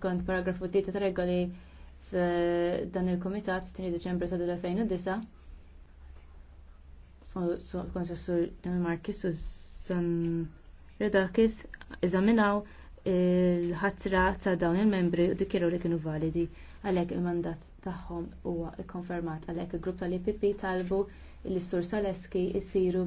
skont paragrafu 3 ta' regoli f'dan il-Komitat fit-2 Deċembru ta' 2009 skont s-sur Markis u san Redakis eżaminaw il-ħatra ta' dawn il-membri u dikjeru li kienu validi għalhekk il-mandat tagħhom huwa ikkonfermat għalhekk il-grupp tal-IPP talbu l-Sur Saleski jisiru